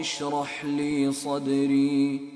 اشرح لي صدري